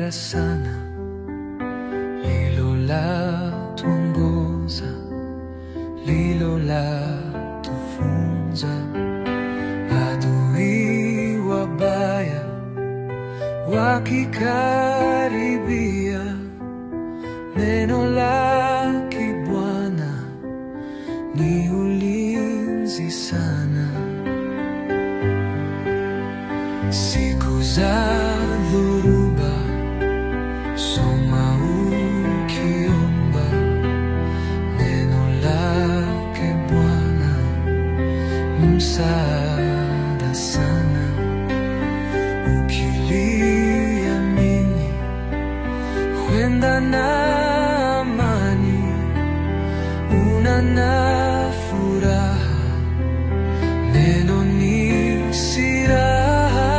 barabara sana lilo la tuongoza lilo la tufunza adui wabaya wakikaribia neno la kibwana ni ulinzi sana siku za na amani, una na furaha, neno ni silaha,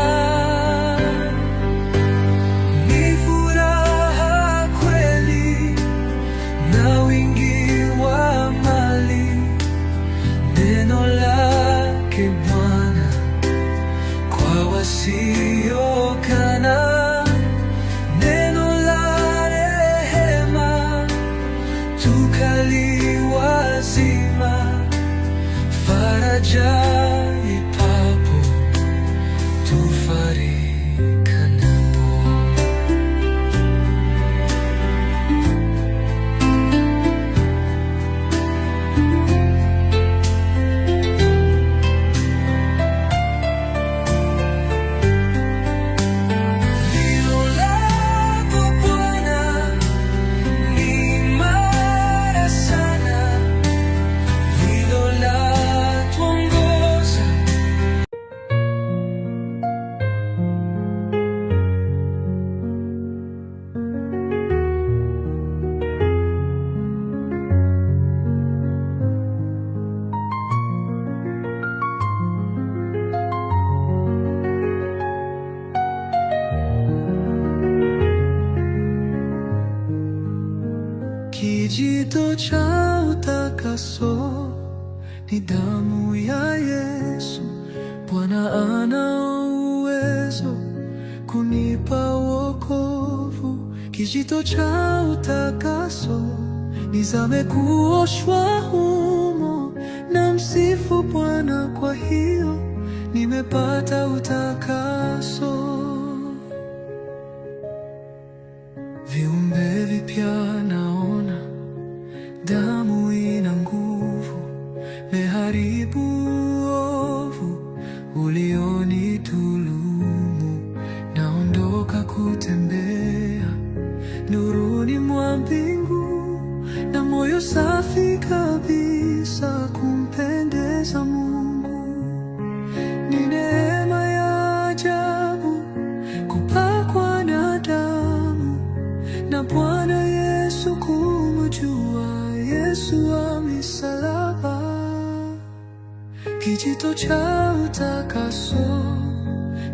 ni furaha kweli na wingi wa mali, neno lake Bwana kwa wasi ni damu ya Yesu. Bwana ana uwezo kunipa wokovu, kijito cha utakaso, nizame kuoshwa humo na msifu Bwana. Kwa hiyo nimepata utakaso, viumbe vipya naona damu Kijito cha utakaso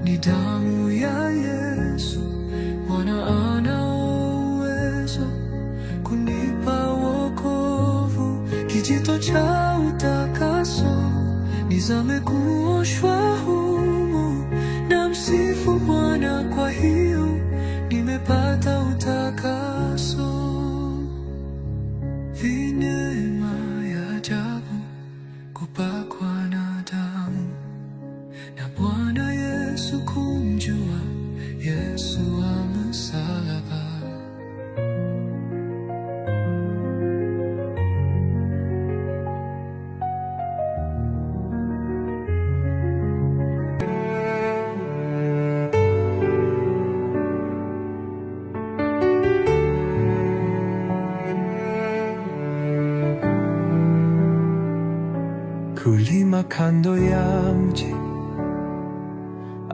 ni damu ya Yesu, Bwana ana uwezo kunipa wokovu. Kijito cha utakaso nizame kuoshwa humo na msifu Bwana, kwa hiyo nimepata utakaso. Vinema ya ajabu kupakwa Kulima kando ya mji,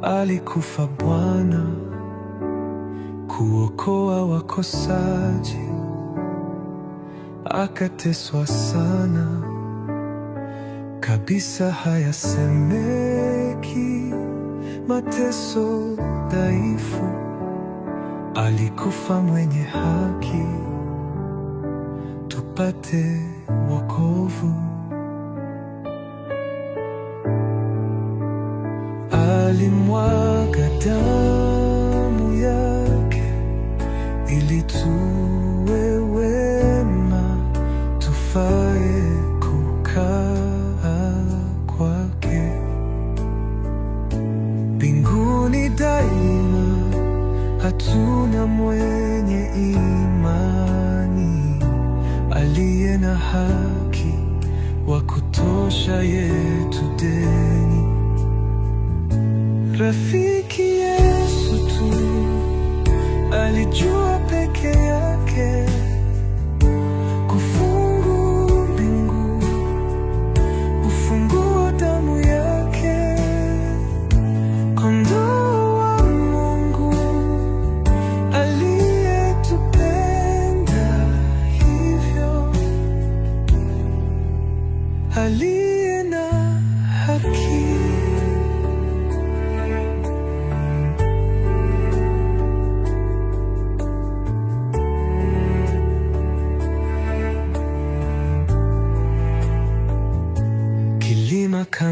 alikufa Bwana kuokoa wakosaji, akateswa sana kabisa, hayasemeki mateso, dhaifu, alikufa mwenye haki tupate wokovu. alimwaga damu yake ili tuwe wema, tufae kukaa kwake binguni daima. Hatuna mwenye imani aliye na haki wa kutosha yetu de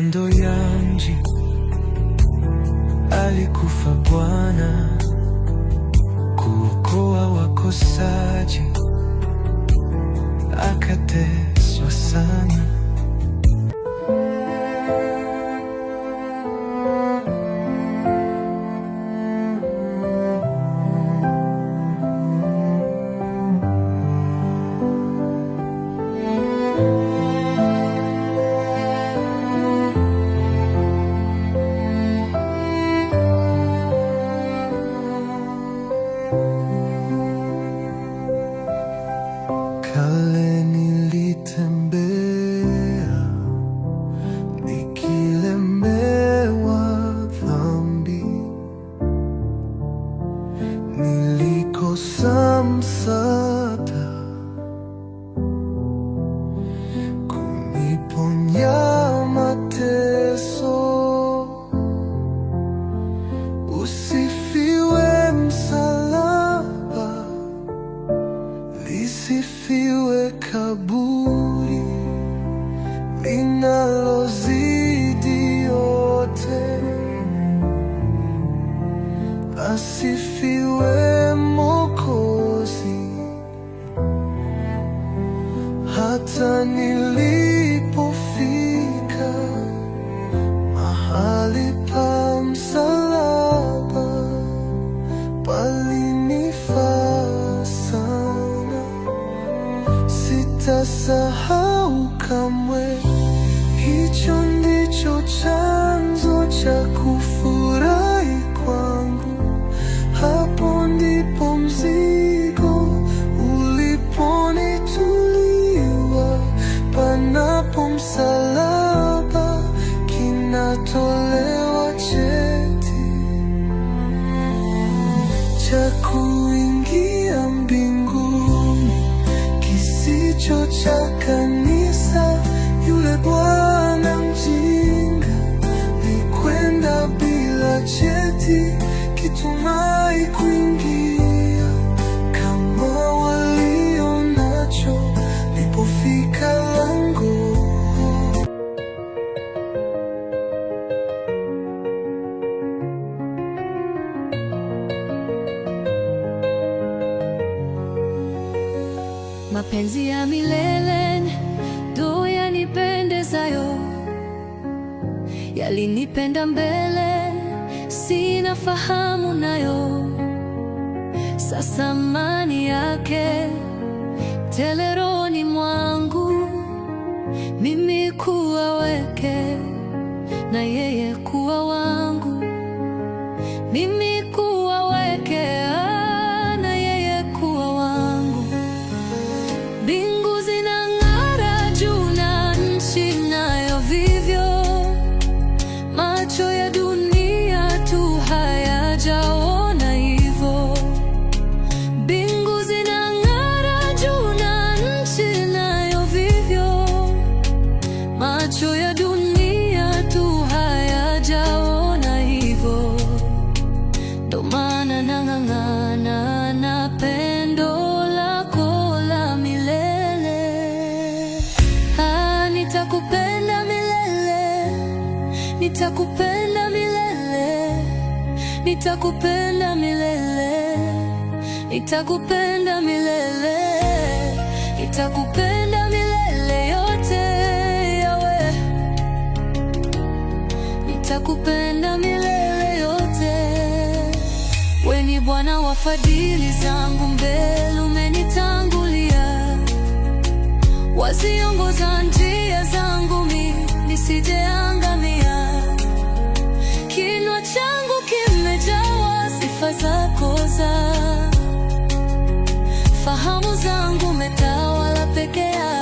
kando ya alikufa Bwana kuokoa wakosaji, akateswa sana. Sada kuniponya mateso, usifiwe msalaba, lisifiwe kaburi linalozidi yote, asif bajeti kitumai kuingia kama walio nacho lipofika lango. Mapenzi ya milele ndo yanipendezayo, yalinipenda mbele sina fahamu nayo, sasa mani yake teleroni mwangu mimi kuwaweke nitakupenda milele, nitakupenda milele, nitakupenda milele, nitakupenda milele, nitakupenda milele yote yawe, nitakupenda milele yote. ni Bwana wa fadhili zangu, mbele umenitangu wasiongoza njia zangu mi nisijeangamia. Kinywa changu kimejawa sifa zako za fahamu zangu metawala pekea